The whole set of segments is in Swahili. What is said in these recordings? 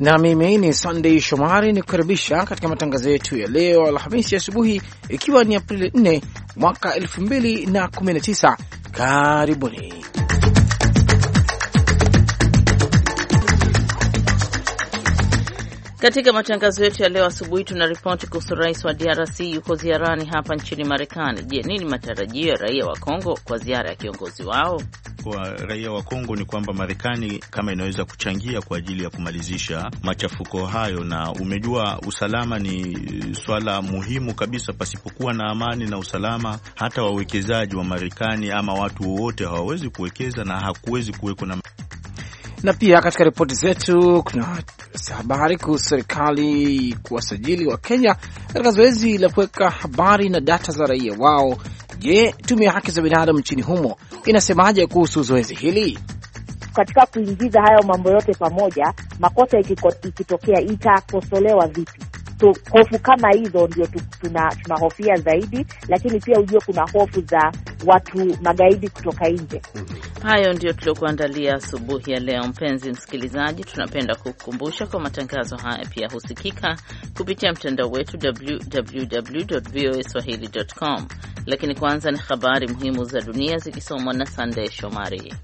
na mimi ni Sunday Shomari ni kukaribisha katika matangazo yetu ya leo Alhamisi asubuhi, ikiwa ni Aprili 4 mwaka 2019. Karibuni. Katika matangazo yetu ya leo asubuhi, tuna ripoti kuhusu rais wa DRC yuko ziarani hapa nchini Marekani. Je, nini matarajio ya raia wa Kongo kwa ziara ya kiongozi wao? Kwa raia wa Kongo ni kwamba Marekani kama inaweza kuchangia kwa ajili ya kumalizisha machafuko hayo, na umejua usalama ni swala muhimu kabisa. Pasipokuwa na amani na usalama, hata wawekezaji wa Marekani ama watu wowote hawawezi kuwekeza na hakuwezi kuweko na na pia katika ripoti zetu kuna habari kuhusu serikali kuwasajili wa Kenya katika zoezi la kuweka habari na data za raia wao. Je, tume ya haki za binadamu nchini humo inasemaje kuhusu zoezi hili? Katika kuingiza hayo mambo yote pamoja, makosa ikitokea itakosolewa vipi? So hofu kama hizo ndio tunahofia tuna zaidi, lakini pia ujue kuna hofu za watu magaidi kutoka nje. Hayo ndio tuliokuandalia asubuhi ya leo. Mpenzi msikilizaji, tunapenda kukukumbusha kwa matangazo haya pia husikika kupitia mtandao wetu voa swahilicom Lakini kwanza ni habari muhimu za dunia zikisomwa na Sandey Shomari.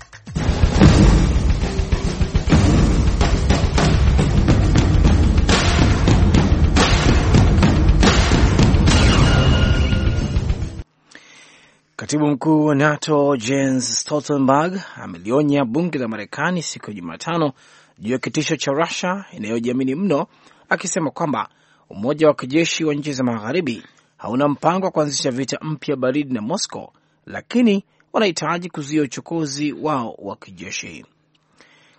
Katibu mkuu wa NATO Jens Stoltenberg amelionya bunge la Marekani siku ya Jumatano juu ya kitisho cha Rusia inayojiamini mno, akisema kwamba umoja wa kijeshi wa nchi za magharibi hauna mpango wa kuanzisha vita mpya baridi na Moscow, lakini wanahitaji kuzuia uchokozi wao wa kijeshi.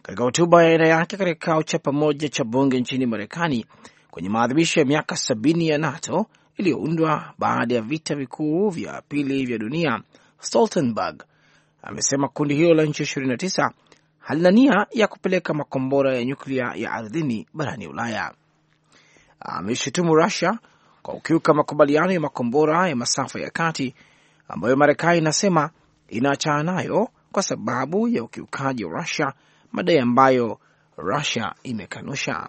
Katika hotuba ya aina yake katika kikao cha pamoja cha bunge nchini Marekani kwenye maadhimisho ya miaka sabini ya NATO iliyoundwa baada ya vita vikuu vya pili vya dunia, Stoltenberg amesema kundi hilo la nchi 29 halina nia ya kupeleka makombora ya nyuklia ya ardhini barani Ulaya. Ameshutumu Rusia kwa kukiuka makubaliano ya makombora ya masafa ya kati ambayo Marekani inasema inaachana nayo kwa sababu ya ukiukaji wa Rusia, madai ambayo Rusia imekanusha.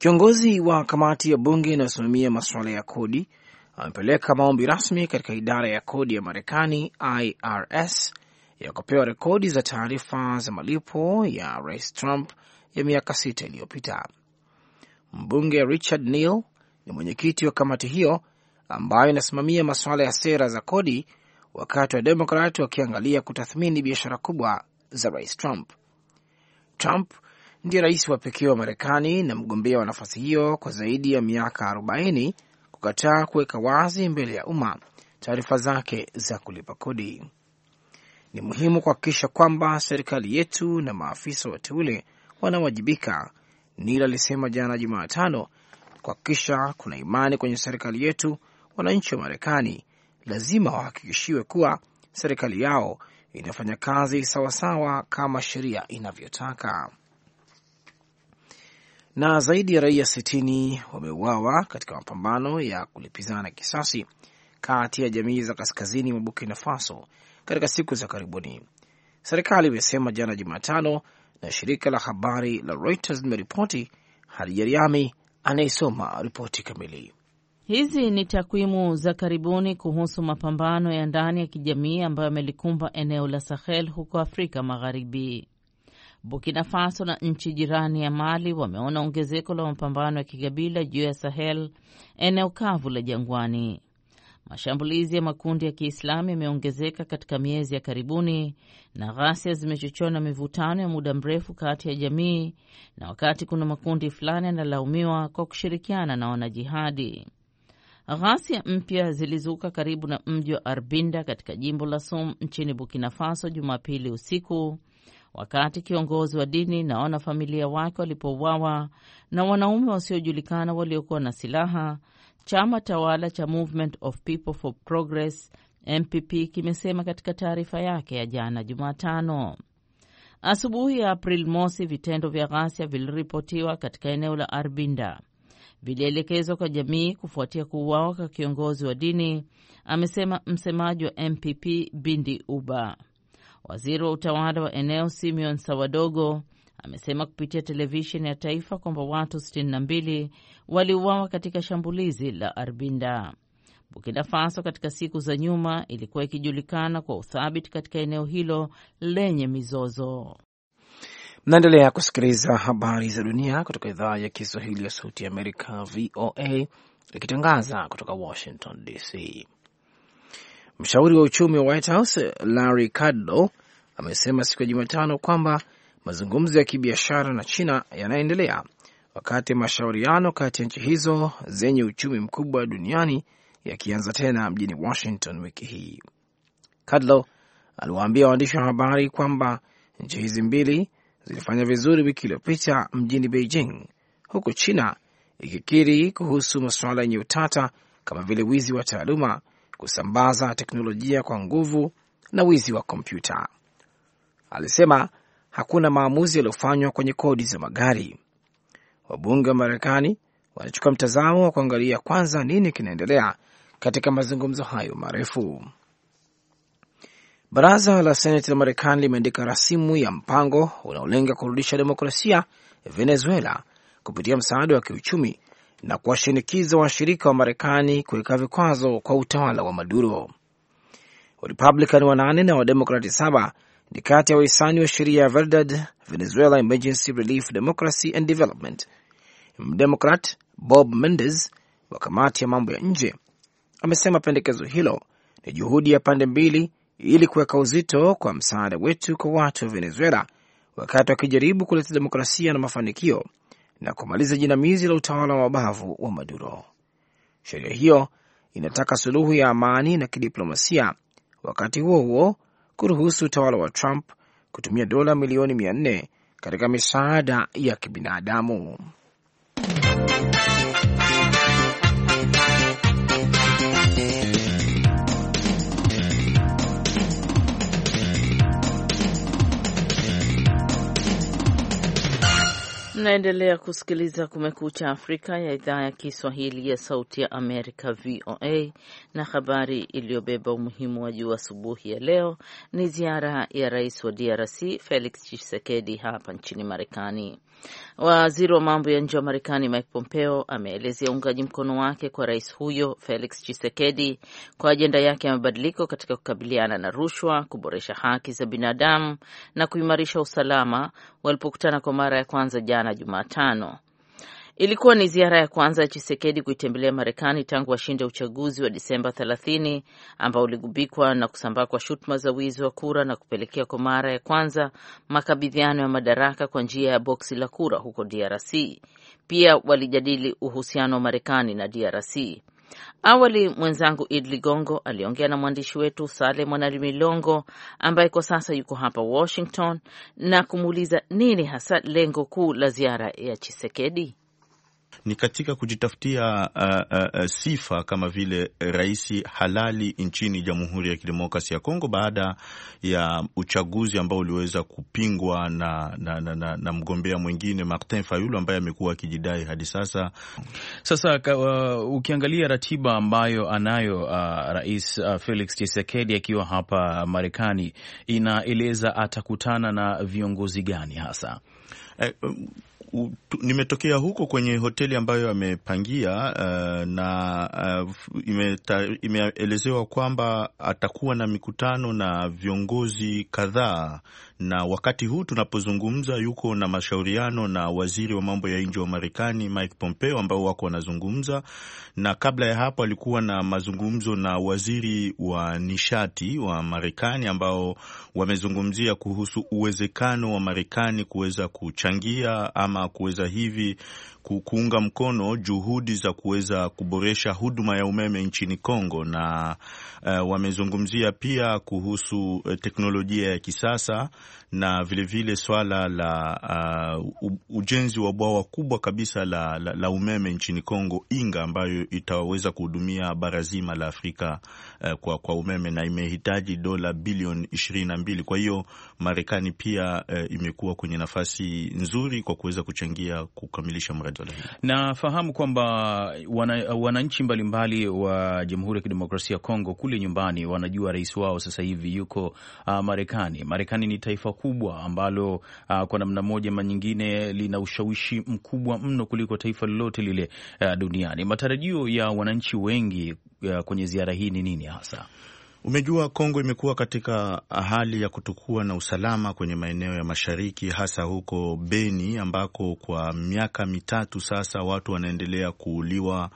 Kiongozi wa kamati ya bunge inayosimamia masuala ya kodi amepeleka maombi rasmi katika idara ya kodi ya Marekani, IRS, ya kupewa rekodi za taarifa za malipo ya Rais Trump ya miaka sita iliyopita. Mbunge Richard Neal ni mwenyekiti wa kamati hiyo ambayo inasimamia masuala ya sera za kodi, wakati wa Demokrat wakiangalia kutathmini biashara kubwa za Rais Trump. Trump ndiye rais wa pekee wa Marekani na mgombea wa nafasi hiyo kwa zaidi ya miaka 40 kukataa kuweka wazi mbele ya umma taarifa zake za kulipa kodi. Ni muhimu kuhakikisha kwamba serikali yetu na maafisa wateule wanawajibika, nil alisema jana Jumatano. Kuhakikisha kuna imani kwenye serikali yetu, wananchi wa Marekani lazima wahakikishiwe kuwa serikali yao inafanya kazi sawasawa kama sheria inavyotaka na zaidi ya raia sitini wameuawa katika mapambano ya kulipizana kisasi kati ya jamii za kaskazini mwa Burkina Faso katika siku za karibuni, serikali imesema jana Jumatano, na shirika la habari la Reuters limeripoti. Harijariami anayesoma ripoti kamili. Hizi ni takwimu za karibuni kuhusu mapambano ya ndani ya kijamii ambayo yamelikumba eneo la Sahel huko Afrika Magharibi. Burkina Faso na nchi jirani ya Mali wameona ongezeko la mapambano ya kikabila juu ya Sahel, eneo kavu la jangwani. Mashambulizi ya makundi ya Kiislamu yameongezeka katika miezi ya karibuni na ghasia zimechochewa na mivutano ya muda mrefu kati ya jamii, na wakati kuna makundi fulani yanalaumiwa kwa kushirikiana na wanajihadi. Ghasia mpya zilizuka karibu na mji wa Arbinda katika jimbo la Sum nchini Burkina Faso Jumapili usiku wakati kiongozi wa dini na wanafamilia wake walipouawa na wanaume wasiojulikana waliokuwa na silaha. Chama tawala cha Movement of People for Progress MPP kimesema katika taarifa yake ya jana Jumatano asubuhi ya Aprili mosi, vitendo vya ghasia viliripotiwa katika eneo la Arbinda vilielekezwa kwa jamii kufuatia kuuawa kwa kiongozi wa dini, amesema msemaji wa MPP Bindi Uba. Waziri wa utawala wa eneo Simeon Sawadogo amesema kupitia televisheni ya taifa kwamba watu 62 waliuawa katika shambulizi la Arbinda. Burkina Faso katika siku za nyuma ilikuwa ikijulikana kwa uthabiti katika eneo hilo lenye mizozo. Mnaendelea kusikiliza habari za dunia kutoka idhaa ya Kiswahili ya Sauti ya Amerika, VOA, ikitangaza kutoka Washington DC. Mshauri wa uchumi wa White House Larry Kudlow amesema siku ya Jumatano kwamba mazungumzo ya kibiashara na China yanaendelea wakati mashauriano kati ya nchi hizo zenye uchumi mkubwa duniani yakianza tena mjini Washington wiki hii. Kadlo aliwaambia waandishi wa habari kwamba nchi hizi mbili zilifanya vizuri wiki iliyopita mjini Beijing, huku China ikikiri kuhusu masuala yenye utata kama vile wizi wa taaluma, kusambaza teknolojia kwa nguvu na wizi wa kompyuta alisema hakuna maamuzi yaliyofanywa kwenye kodi za magari. Wabunge wa Marekani wanachukua mtazamo wa kuangalia kwanza nini kinaendelea katika mazungumzo hayo marefu. Baraza la Seneti la Marekani limeandika rasimu ya mpango unaolenga kurudisha demokrasia Venezuela kupitia msaada wa kiuchumi na kuwashinikiza washirika wa Marekani kuweka vikwazo kwa utawala wa Maduro. Warepublican wanane na Wademokrati saba ni kati ya wahisani wa sheria ya Verdad, Venezuela Emergency Relief Democracy and Development. Mdemokrat Bob Mendes wa kamati ya mambo ya nje amesema pendekezo hilo ni juhudi ya pande mbili ili kuweka uzito kwa msaada wetu kwa watu wa Venezuela wakati wakijaribu kuleta demokrasia na mafanikio na kumaliza jinamizi la utawala wa mabavu wa Maduro. Sheria hiyo inataka suluhu ya amani na kidiplomasia, wakati huo huo kuruhusu utawala wa Trump kutumia dola milioni mia nne katika misaada ya kibinadamu. Mnaendelea kusikiliza Kumekucha Afrika ya idhaa ya Kiswahili ya Sauti ya Amerika, VOA. Na habari iliyobeba umuhimu wa juu asubuhi ya leo ni ziara ya rais wa DRC Felix Tshisekedi hapa nchini Marekani. Waziri wa mambo ya nje wa Marekani Mike Pompeo ameelezea uungaji mkono wake kwa rais huyo Felix chisekedi kwa ajenda yake ya mabadiliko katika kukabiliana na rushwa, kuboresha haki za binadamu na kuimarisha usalama walipokutana kwa mara ya kwanza jana Jumatano. Ilikuwa ni ziara ya kwanza ya Chisekedi kuitembelea Marekani tangu washinde uchaguzi wa Disemba 30 ambao uligubikwa na kusambaa kwa shutuma za wizi wa kura na kupelekea kwa mara ya kwanza makabidhiano ya madaraka kwa njia ya boksi la kura huko DRC. Pia walijadili uhusiano wa Marekani na DRC. Awali mwenzangu Id Ligongo aliongea na mwandishi wetu Sale Mwanamilongo ambaye kwa sasa yuko hapa Washington na kumuuliza nini hasa lengo kuu la ziara ya Chisekedi ni katika kujitafutia uh, uh, uh, sifa kama vile rais halali nchini Jamhuri ya Kidemokrasia ya Kongo baada ya uchaguzi ambao uliweza kupingwa na, na, na, na, na mgombea mwingine Martin Fayulu ambaye amekuwa akijidai hadi sasa. Sasa uh, ukiangalia ratiba ambayo anayo uh, rais uh, Felix Tshisekedi akiwa hapa Marekani inaeleza atakutana na viongozi gani hasa? Eh, um, nimetokea huko kwenye hoteli ambayo amepangia uh, na uh, imeelezewa kwamba atakuwa na mikutano na viongozi kadhaa na wakati huu tunapozungumza yuko na mashauriano na waziri wa mambo ya nje wa Marekani Mike Pompeo, ambao wako wanazungumza, na kabla ya hapo alikuwa na mazungumzo na waziri wa nishati wa Marekani, ambao wamezungumzia kuhusu uwezekano wa Marekani kuweza kuchangia ama kuweza hivi kuunga mkono juhudi za kuweza kuboresha huduma ya umeme nchini Kongo na uh, wamezungumzia pia kuhusu eh, teknolojia ya kisasa na vilevile vile swala la uh, ujenzi wa bwawa kubwa kabisa la, la, la umeme nchini Kongo Inga, ambayo itaweza kuhudumia bara zima la Afrika uh, kwa, kwa umeme na imehitaji dola bilioni ishirini na mbili. Kwa hiyo Marekani pia uh, imekuwa kwenye nafasi nzuri kwa kuweza kuchangia kukamilisha mradi wala. Nafahamu kwamba wananchi wana mbalimbali wa Jamhuri ya Kidemokrasia ya Kongo kule nyumbani wanajua rais wao sasa hivi yuko uh, Marekani. Marekani ni taifa kubwa ambalo uh, kwa namna moja ama nyingine lina ushawishi mkubwa mno kuliko taifa lolote lile uh, duniani. Matarajio ya wananchi wengi uh, kwenye ziara hii ni nini hasa? Umejua, Kongo imekuwa katika hali ya kutokuwa na usalama kwenye maeneo ya mashariki, hasa huko Beni ambako kwa miaka mitatu sasa watu wanaendelea kuuliwa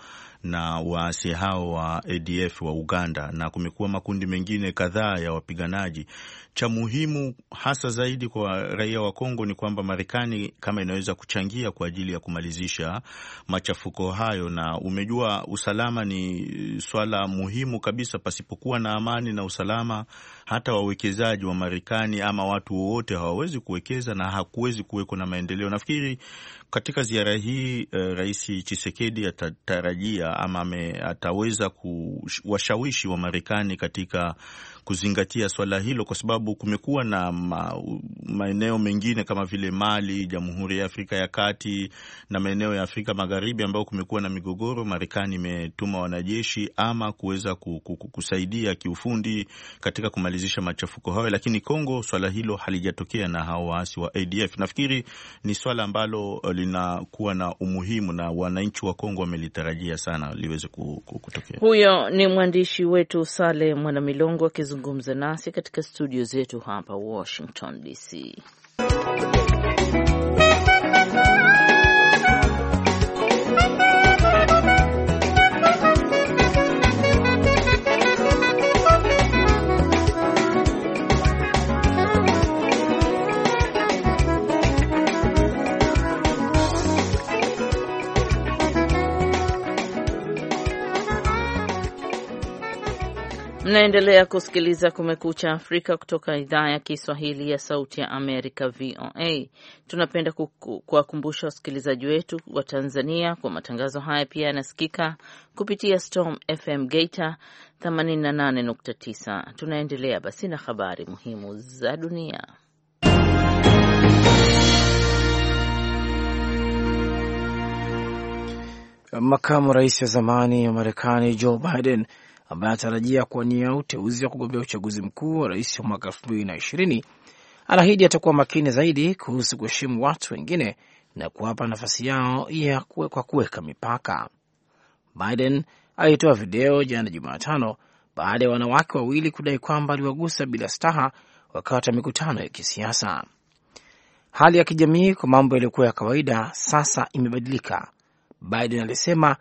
na waasi hao wa ADF wa Uganda, na kumekuwa makundi mengine kadhaa ya wapiganaji. Cha muhimu hasa zaidi kwa raia wa Kongo ni kwamba Marekani kama inaweza kuchangia kwa ajili ya kumalizisha machafuko hayo, na umejua, usalama ni swala muhimu kabisa. Pasipokuwa na amani na usalama hata wawekezaji wa Marekani ama watu wowote hawawezi kuwekeza na hakuwezi kuweko na maendeleo. Nafikiri katika ziara hii uh, Rais Chisekedi atatarajia ama ame, ataweza kuwashawishi wa Marekani katika kuzingatia swala hilo, kwa sababu kumekuwa na ma, maeneo mengine kama vile Mali, Jamhuri ya Afrika ya Kati na maeneo ya Afrika Magharibi ambayo kumekuwa na migogoro. Marekani imetuma wanajeshi ama kuweza kusaidia kiufundi katika kumalizia kumalizisha machafuko hayo, lakini Kongo swala hilo halijatokea na hawa waasi wa ADF. Nafikiri ni swala ambalo uh, linakuwa na umuhimu na wananchi wa Kongo wamelitarajia sana liweze kutokea. Huyo ni mwandishi wetu Sale Mwanamilongo akizungumza nasi katika studio zetu hapa Washington DC. Mnaendelea kusikiliza Kumekucha Afrika kutoka idhaa ya Kiswahili ya Sauti ya Amerika, VOA. Tunapenda kuwakumbusha wasikilizaji wetu wa Tanzania kwa matangazo haya pia yanasikika kupitia Storm FM Geita 88.9. Tunaendelea basi na habari muhimu za dunia. Makamu rais wa zamani wa Marekani Joe Biden ambaye anatarajia kuwania uteuzi wa kugombea uchaguzi mkuu wa rais wa mwaka elfu mbili na ishirini anaahidi atakuwa makini zaidi kuhusu kuheshimu watu wengine na kuwapa nafasi yao ya kwa kuweka mipaka. Biden alitoa video jana Jumatano baada ya wanawake wawili kudai kwamba aliwagusa bila staha wakati wa mikutano ya kisiasa. Hali ya kijamii kwa mambo yaliyokuwa ya kawaida sasa imebadilika, Biden alisema,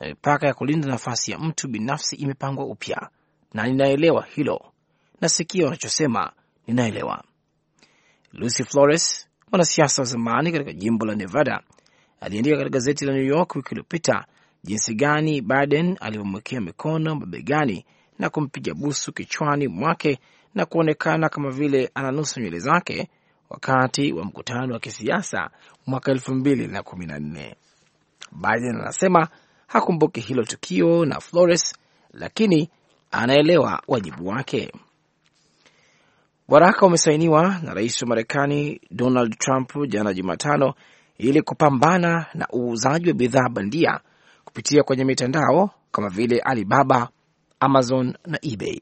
na eh, mipaka ya kulinda nafasi ya mtu binafsi imepangwa upya, na ninaelewa hilo. Nasikia wanachosema, ninaelewa. Lucy Flores, mwanasiasa wa zamani katika jimbo la Nevada, aliandika katika gazeti la New York wiki iliyopita jinsi gani Biden alivyomwekea mikono mabegani na kumpiga busu kichwani mwake na kuonekana kama vile ananusa nywele zake wakati wa mkutano wa kisiasa mwaka elfu mbili na kumi na nne. Biden anasema hakumbuki hilo tukio na Flores, lakini anaelewa wajibu wake. Waraka umesainiwa na rais wa Marekani Donald Trump jana Jumatano ili kupambana na uuzaji wa bidhaa bandia kupitia kwenye mitandao kama vile Alibaba, Amazon na eBay.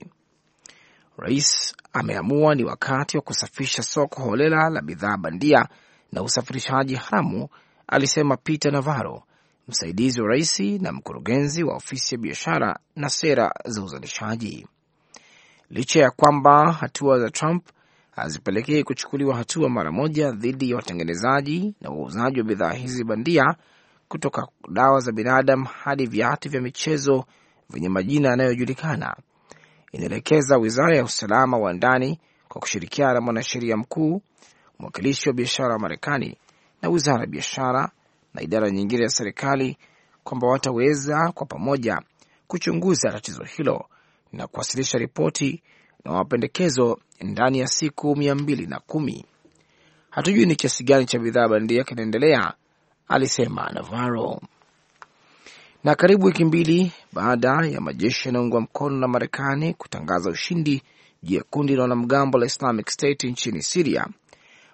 Rais ameamua ni wakati wa kusafisha soko holela la bidhaa bandia na usafirishaji haramu, alisema Peter Navarro, msaidizi wa rais na mkurugenzi wa ofisi ya biashara na sera za uzalishaji. Licha ya kwamba hatua za Trump hazipelekei kuchukuliwa hatua mara moja dhidi ya watengenezaji na wauzaji wa bidhaa hizi bandia, kutoka dawa za binadamu hadi viatu vya michezo vyenye majina yanayojulikana, inaelekeza wizara ya usalama wa ndani kwa kushirikiana na mwanasheria mkuu, mwakilishi wa biashara wa Marekani na wizara ya biashara na idara nyingine ya serikali kwamba wataweza kwa pamoja kuchunguza tatizo hilo na kuwasilisha ripoti na mapendekezo ndani ya siku mia mbili na kumi. Hatujui ni kiasi gani cha bidhaa bandia kinaendelea, alisema Navarro. Na karibu wiki mbili baada ya majeshi yanaungwa mkono na Marekani kutangaza ushindi juu ya kundi la wanamgambo la Islamic State nchini Siria,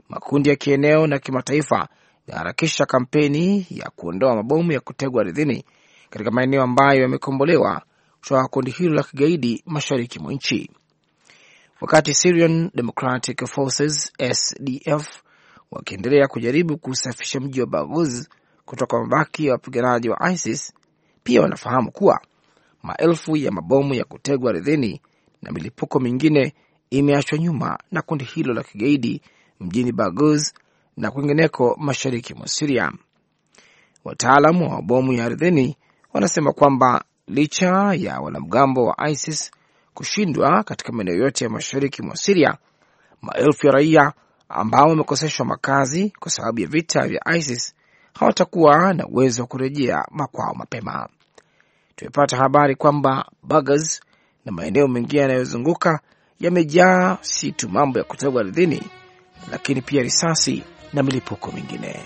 makundi ya kieneo na kimataifa yaharakisha kampeni ya kuondoa mabomu ya kutegwa ardhini katika maeneo ambayo yamekombolewa kutoka kundi hilo la kigaidi mashariki mwa nchi, wakati Syrian Democratic Forces SDF wakiendelea kujaribu kusafisha mji wa Baghuz kutoka mabaki ya wapiganaji wa ISIS. Pia wanafahamu kuwa maelfu ya mabomu ya kutegwa ardhini na milipuko mingine imeachwa nyuma na kundi hilo la kigaidi mjini Baghuz na kwingineko mashariki mwa Siria. Wataalam wa mabomu ya ardhini wanasema kwamba licha ya wanamgambo wa ISIS kushindwa katika maeneo yote ya mashariki mwa Siria, maelfu ya raia ambao wamekoseshwa makazi kwa sababu ya vita vya ISIS hawatakuwa na uwezo wa kurejea makwao mapema. Tumepata habari kwamba Bagas na maeneo mengine yanayozunguka yamejaa si tu mambo ya kutegwa ardhini, lakini pia risasi na milipuko mingine.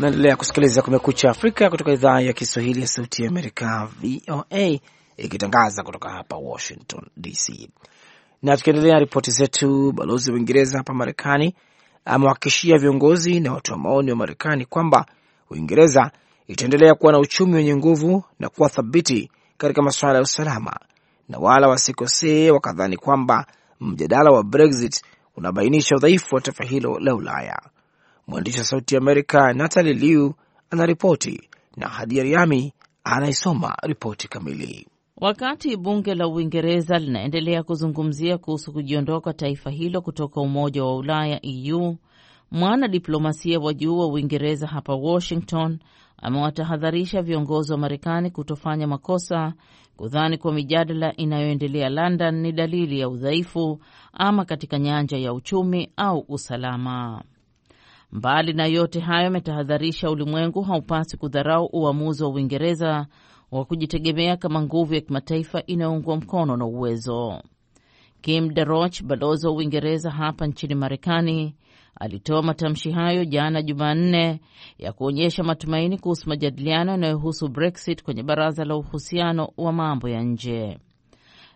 Naendelea kusikiliza Kumekucha Afrika kutoka idhaa ya Kiswahili ya Sauti ya Amerika, VOA, ikitangaza kutoka hapa Washington DC. Na tukiendelea ripoti zetu, balozi wa Uingereza hapa Marekani amewahakikishia viongozi na watu wa maoni wa Marekani kwamba Uingereza itaendelea kuwa na uchumi wenye nguvu na kuwa thabiti katika masuala ya usalama, na wala wasikosee wakadhani kwamba mjadala wa Brexit unabainisha udhaifu wa taifa hilo la Ulaya. Mwandishi wa Sauti ya Amerika Natali Liu anaripoti na Hadia Riami anaisoma ripoti kamili. Wakati bunge la Uingereza linaendelea kuzungumzia kuhusu kujiondoa kwa taifa hilo kutoka Umoja wa Ulaya EU Mwana diplomasia wa juu wa Uingereza hapa Washington amewatahadharisha viongozi wa Marekani kutofanya makosa kudhani kuwa mijadala inayoendelea London ni dalili ya udhaifu ama katika nyanja ya uchumi au usalama. Mbali na yote hayo, ametahadharisha ulimwengu haupasi kudharau uamuzi wa Uingereza wa kujitegemea kama nguvu ya kimataifa inayoungwa mkono na uwezo. Kim deroch balozi wa Uingereza hapa nchini Marekani, Alitoa matamshi hayo jana Jumanne ya kuonyesha matumaini kuhusu majadiliano yanayohusu Brexit kwenye baraza la uhusiano wa mambo ya nje.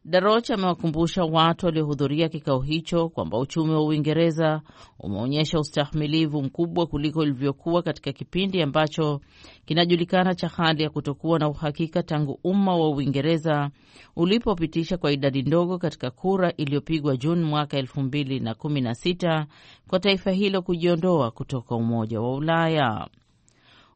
Darroch amewakumbusha watu waliohudhuria kikao hicho kwamba uchumi wa Uingereza umeonyesha ustahimilivu mkubwa kuliko ilivyokuwa katika kipindi ambacho kinajulikana cha hali ya kutokuwa na uhakika tangu umma wa Uingereza ulipopitisha kwa idadi ndogo katika kura iliyopigwa Juni mwaka 2016 kwa taifa hilo kujiondoa kutoka Umoja wa Ulaya.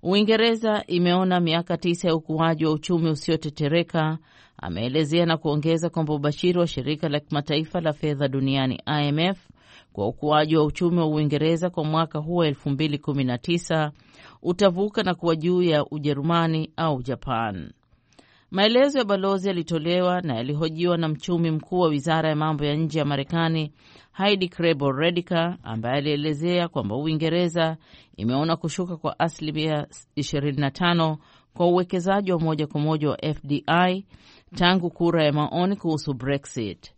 Uingereza imeona miaka tisa ya ukuaji wa uchumi usiotetereka Ameelezea na kuongeza kwamba ubashiri wa shirika la kimataifa la fedha duniani IMF kwa ukuaji wa uchumi wa Uingereza kwa mwaka huu wa 2019 utavuka na kuwa juu ya Ujerumani au Japan. Maelezo ya balozi yalitolewa na yalihojiwa na mchumi mkuu wa wizara ya mambo ya nje ya Marekani Heidi crebo redica ambaye alielezea kwamba Uingereza imeona kushuka kwa asilimia 25 kwa uwekezaji wa moja kwa moja wa FDI tangu kura ya maoni kuhusu Brexit.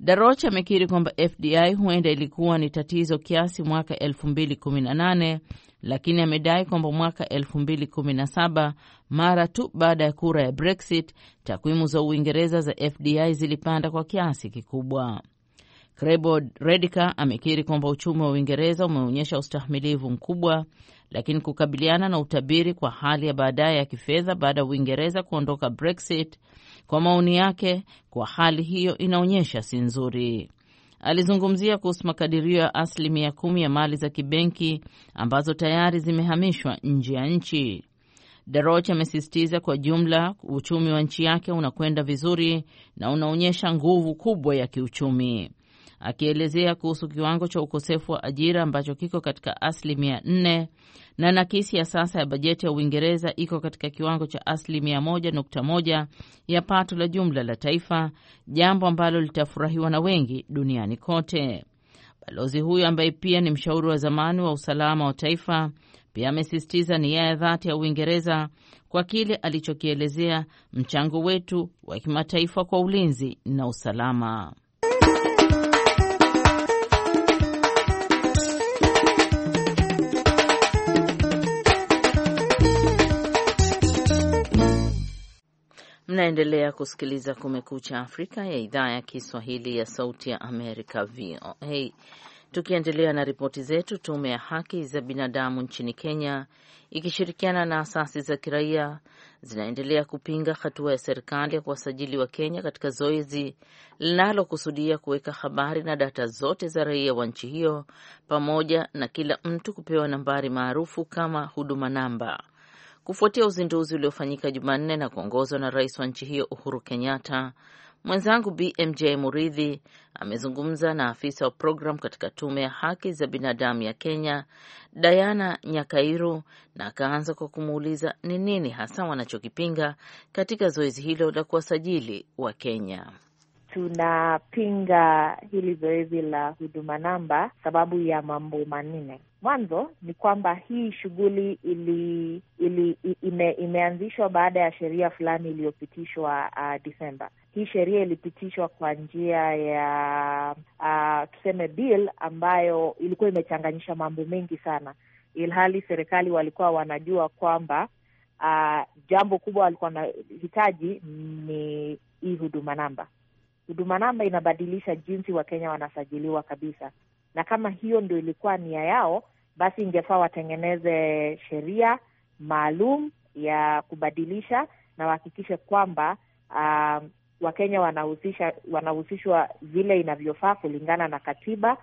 daroch amekiri kwamba FDI huenda ilikuwa ni tatizo kiasi mwaka 2018 lakini amedai kwamba mwaka 2017 mara tu baada ya kura ya Brexit, takwimu za Uingereza za FDI zilipanda kwa kiasi kikubwa. Crebo Redica amekiri kwamba uchumi wa Uingereza umeonyesha ustahimilivu mkubwa, lakini kukabiliana na utabiri kwa hali ya baadaye ya kifedha baada ya Uingereza kuondoka Brexit kwa maoni yake, kwa hali hiyo inaonyesha si nzuri. Alizungumzia kuhusu makadirio ya asilimia kumi ya mali za kibenki ambazo tayari zimehamishwa nje ya nchi. Daroch amesisitiza kwa jumla uchumi wa nchi yake unakwenda vizuri na unaonyesha nguvu kubwa ya kiuchumi, akielezea kuhusu kiwango cha ukosefu wa ajira ambacho kiko katika asilimia nne na nakisi ya sasa ya bajeti ya Uingereza iko katika kiwango cha asilimia moja nukta moja ya pato la jumla la taifa, jambo ambalo litafurahiwa na wengi duniani kote. Balozi huyo ambaye pia ni mshauri wa zamani wa usalama wa taifa pia amesisitiza nia ya dhati ya Uingereza kwa kile alichokielezea mchango wetu wa kimataifa kwa ulinzi na usalama. Mnaendelea kusikiliza Kumekucha Afrika ya idhaa ya Kiswahili ya Sauti ya Amerika, VOA. Tukiendelea na ripoti zetu, tume ya haki za binadamu nchini Kenya ikishirikiana na asasi za kiraia zinaendelea kupinga hatua ya serikali ya kuwasajili wa Kenya katika zoezi linalokusudia kuweka habari na data zote za raia wa nchi hiyo, pamoja na kila mtu kupewa nambari maarufu kama huduma namba kufuatia uzinduzi uliofanyika Jumanne na kuongozwa na rais wa nchi hiyo Uhuru Kenyatta. Mwenzangu BMJ Muridhi amezungumza na afisa wa program katika tume ya haki za binadamu ya Kenya, Diana Nyakairu, na akaanza kwa kumuuliza ni nini hasa wanachokipinga katika zoezi hilo la kuwasajili wa Kenya. Tunapinga hili zoezi la huduma namba sababu ya mambo manne. Mwanzo ni kwamba hii shughuli ili, ili, ime, imeanzishwa baada ya sheria fulani iliyopitishwa uh, Desemba. Hii sheria ilipitishwa kwa njia ya uh, tuseme bill ambayo ilikuwa imechanganyisha mambo mengi sana, ilhali serikali walikuwa wanajua kwamba uh, jambo kubwa walikuwa wanahitaji ni hii huduma namba. Huduma namba inabadilisha jinsi Wakenya wanasajiliwa kabisa na kama hiyo ndio ilikuwa nia yao, basi ingefaa watengeneze sheria maalum ya kubadilisha na wahakikishe kwamba uh, Wakenya wanahusisha wanahusishwa vile inavyofaa kulingana na katiba.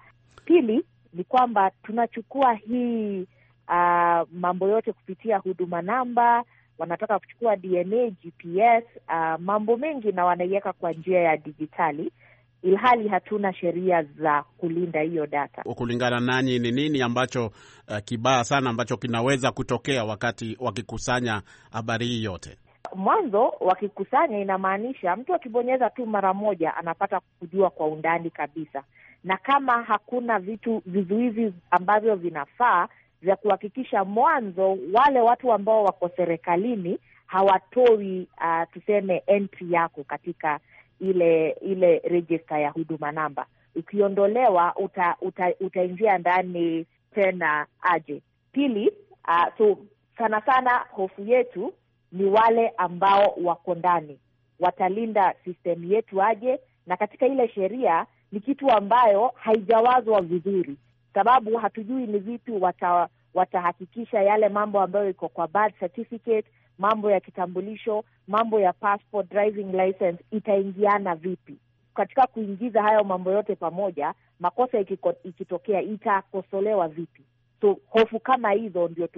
Pili ni kwamba tunachukua hii uh, mambo yote kupitia huduma namba, wanataka kuchukua DNA, GPS, uh, mambo mengi na wanaiweka kwa njia ya dijitali ilhali hatuna sheria za kulinda hiyo data. Kulingana nanyi, ni nini ambacho uh, kibaya sana ambacho kinaweza kutokea wakati wakikusanya habari hii yote? Mwanzo wakikusanya, inamaanisha mtu akibonyeza tu mara moja anapata kujua kwa undani kabisa, na kama hakuna vitu vizuizi ambavyo vinafaa vya kuhakikisha mwanzo, wale watu ambao wako serikalini hawatoi uh, tuseme entry yako katika ile ile register ya huduma namba. Ukiondolewa utaingia uta, uta ndani tena aje. Pili, uh, so sana sana hofu yetu ni wale ambao wako ndani watalinda system yetu aje, na katika ile sheria ni kitu ambayo haijawazwa vizuri, sababu hatujui ni vipi wata watahakikisha yale mambo ambayo iko kwa birth certificate mambo ya kitambulisho, mambo ya passport, driving license itaingiana vipi? Katika kuingiza hayo mambo yote pamoja, makosa ikiko, ikitokea itakosolewa vipi? So hofu kama hizo ndio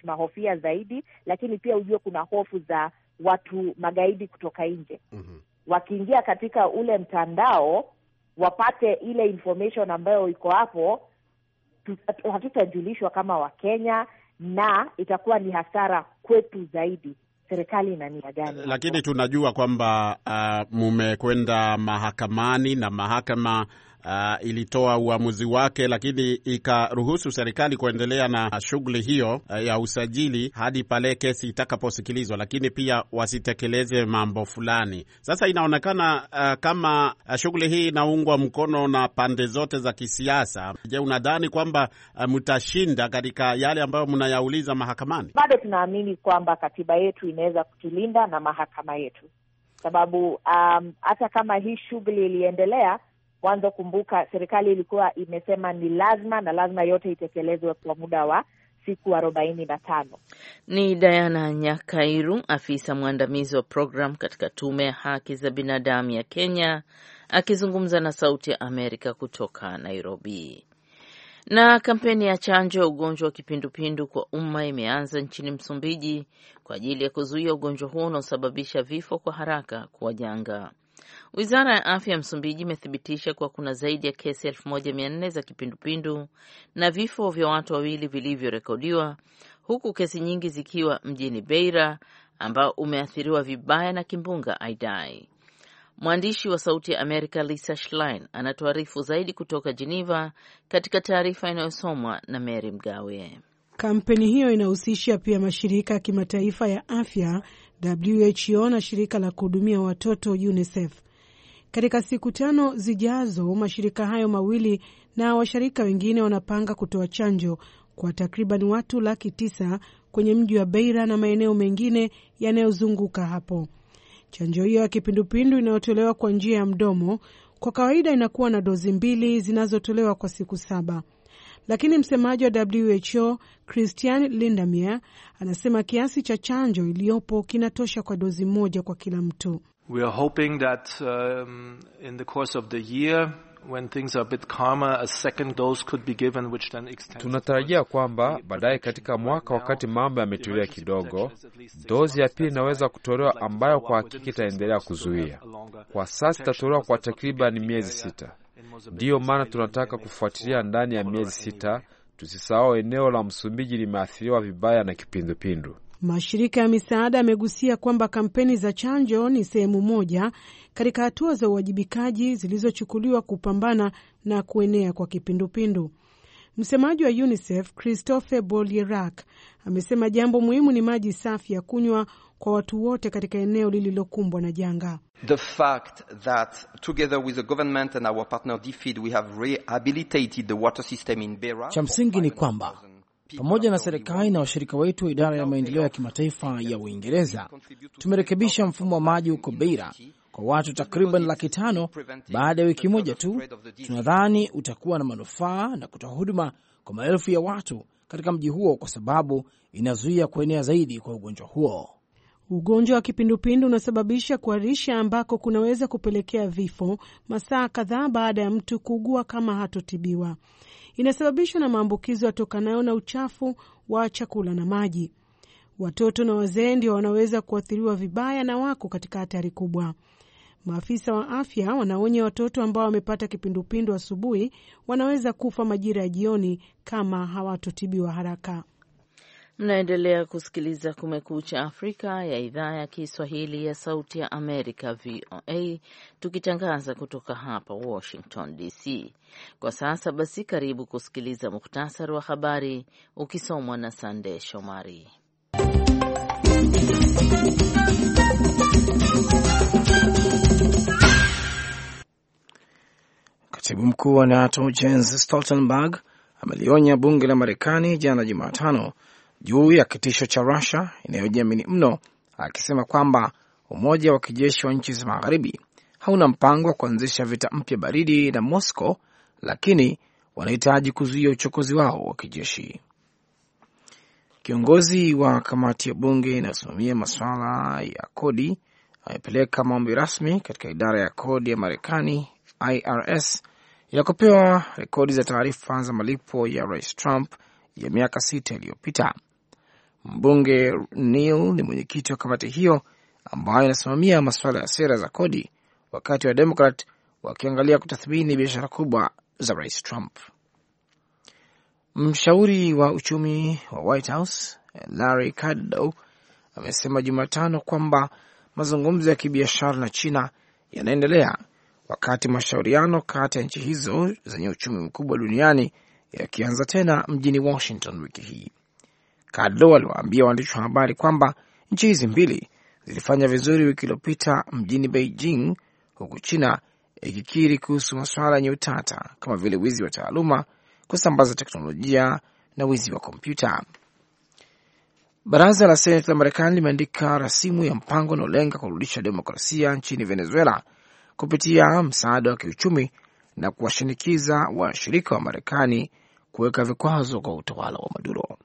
tunahofia tuna zaidi, lakini pia hujue kuna hofu za watu magaidi kutoka nje mm -hmm. Wakiingia katika ule mtandao wapate ile information ambayo iko hapo, hatutajulishwa kama Wakenya na itakuwa ni hasara kwetu zaidi. Serikali ina nia gani? Lakini tunajua kwamba uh, mumekwenda mahakamani na mahakama uh, ilitoa uamuzi wake, lakini ikaruhusu serikali kuendelea na shughuli hiyo uh, ya usajili hadi pale kesi itakaposikilizwa, lakini pia wasitekeleze mambo fulani. Sasa inaonekana uh, kama uh, shughuli hii inaungwa mkono na pande zote za kisiasa. Je, unadhani kwamba uh, mtashinda katika yale ambayo mnayauliza mahakamani? Bado tunaamini kwamba katiba yetu inaweza kutulinda na mahakama yetu, sababu um, hata kama hii shughuli iliendelea kwanza kumbuka serikali ilikuwa imesema ni lazima na lazima yote itekelezwe kwa muda wa siku arobaini na tano. Ni Diana Nyakairu, afisa mwandamizi wa programu katika tume ya haki za binadamu ya Kenya, akizungumza na Sauti ya Amerika kutoka Nairobi. Na kampeni ya chanjo ya ugonjwa wa kipindupindu kwa umma imeanza nchini Msumbiji kwa ajili ya kuzuia ugonjwa huo unaosababisha vifo kwa haraka kuwa janga. Wizara ya afya ya Msumbiji imethibitisha kuwa kuna zaidi ya kesi nne za kipindupindu na vifo vya watu wawili vilivyorekodiwa, huku kesi nyingi zikiwa mjini Beira ambao umeathiriwa vibaya na kimbunga Aidai. Mwandishi wa Sauti ya Amerika Lisa Schlein anatuarifu zaidi kutoka Geneva katika taarifa inayosomwa na Mary Mgawe. Kampeni hiyo inahusisha pia mashirika ya kimataifa ya afya WHO na shirika la kuhudumia watoto UNICEF. Katika siku tano zijazo, mashirika hayo mawili na washirika wengine wanapanga kutoa chanjo kwa takriban watu laki tisa kwenye mji wa Beira na maeneo mengine yanayozunguka hapo. Chanjo hiyo ya kipindupindu inayotolewa kwa njia ya mdomo kwa kawaida inakuwa na dozi mbili zinazotolewa kwa siku saba, lakini msemaji wa WHO Christian Lindamere anasema kiasi cha chanjo iliyopo kinatosha kwa dozi moja kwa kila mtu. We are hoping that, um, in the course of the year, Tunatarajia kwamba baadaye katika mwaka, wakati mambo yametulia kidogo, dozi ya pili inaweza kutolewa, ambayo kwa hakika itaendelea kuzuia. Kwa sasa itatolewa kwa takriban miezi sita. Ndiyo maana tunataka kufuatilia ndani ya miezi sita. Tusisahau eneo la Msumbiji limeathiriwa vibaya na kipindupindu. Mashirika ya misaada yamegusia kwamba kampeni za chanjo ni sehemu moja katika hatua za uwajibikaji zilizochukuliwa kupambana na kuenea kwa kipindupindu. Msemaji wa UNICEF Christophe Bolierak amesema jambo muhimu ni maji safi ya kunywa kwa watu wote katika eneo lililokumbwa na janga. The fact that together with the government and our partner DFID we have rehabilitated the water system in Beira. Cha msingi ni kwamba pamoja na serikali na washirika wetu wa idara ya maendeleo ya kimataifa ya Uingereza, tumerekebisha mfumo wa maji huko Beira kwa watu takriban laki tano baada ya wiki moja tu. Tunadhani utakuwa na manufaa na kutoa huduma kwa maelfu ya watu katika mji huo, kwa sababu inazuia kuenea zaidi kwa ugonjwa huo. Ugonjwa wa kipindupindu unasababisha kuharisha ambako kunaweza kupelekea vifo masaa kadhaa baada ya mtu kuugua kama hatotibiwa inasababishwa na maambukizo yatokanayo na uchafu wa chakula na maji. Watoto na wazee ndio wanaweza kuathiriwa vibaya na wako katika hatari kubwa. Maafisa wa afya wanaonya watoto ambao wamepata kipindupindu asubuhi wa wanaweza kufa majira ya jioni kama hawatotibiwa haraka. Mnaendelea kusikiliza Kumekucha Afrika ya idhaa ya Kiswahili ya Sauti ya Amerika, VOA, tukitangaza kutoka hapa Washington DC kwa sasa. Basi karibu kusikiliza muhtasari wa habari ukisomwa na Sande Shomari. Katibu mkuu wa NATO Jens Stoltenberg amelionya bunge la Marekani jana Jumatano juu ya kitisho cha Rusia inayojiamini mno, akisema kwamba umoja wa kijeshi wa nchi za magharibi hauna mpango wa kuanzisha vita mpya baridi na Moscow, lakini wanahitaji kuzuia uchokozi wao wa kijeshi. Kiongozi wa kamati ya bunge inayosimamia masuala ya kodi amepeleka maombi rasmi katika idara ya kodi ya Marekani, IRS, ya kupewa rekodi za taarifa za malipo ya Rais Trump ya miaka sita iliyopita Mbunge Neal ni mwenyekiti wa kamati hiyo ambayo inasimamia masuala ya sera za kodi, wakati wa Demokrat wakiangalia kutathmini biashara kubwa za Rais Trump. Mshauri wa uchumi wa White House Larry Kudlow amesema Jumatano kwamba mazungumzo ya kibiashara na China yanaendelea wakati mashauriano kati ya nchi hizo zenye uchumi mkubwa duniani yakianza tena mjini Washington wiki hii. Kadlo aliwaambia waandishi wa habari kwamba nchi hizi mbili zilifanya vizuri wiki iliyopita mjini Beijing, huku China ikikiri kuhusu masuala yenye utata kama vile wizi wa taaluma, kusambaza teknolojia na wizi wa kompyuta. Baraza la Seneti la Marekani limeandika rasimu ya mpango unaolenga kurudisha demokrasia nchini Venezuela kupitia msaada wa kiuchumi na kuwashinikiza washirika wa Marekani kuweka vikwazo kwa utawala wa Maduro.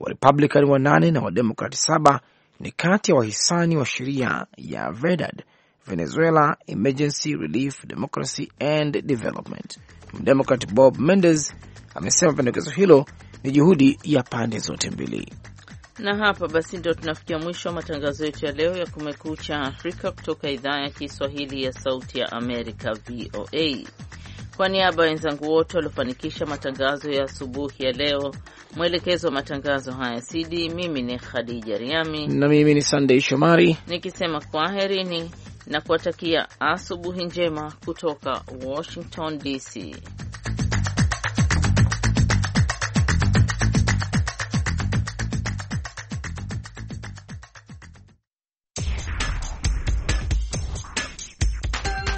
Warepublican wanane na Wademokrati saba ni kati ya wa wahisani wa sheria ya VEDAD, Venezuela Emergency Relief Democracy and Development. Mdemokrat Bob Mendez amesema pendekezo hilo ni juhudi ya pande zote mbili. Na hapa basi ndio tunafikia mwisho wa matangazo yetu ya leo ya Kumekucha Afrika kutoka idhaa ya Kiswahili ya Sauti ya Amerika, VOA. Kwa niaba ya wenzangu wote waliofanikisha matangazo ya asubuhi ya leo, mwelekezo wa matangazo haya Sidi, mimi ni Khadija Riami na mimi ni Sandei Shomari nikisema kwaherini na kuwatakia asubuhi njema kutoka Washington DC.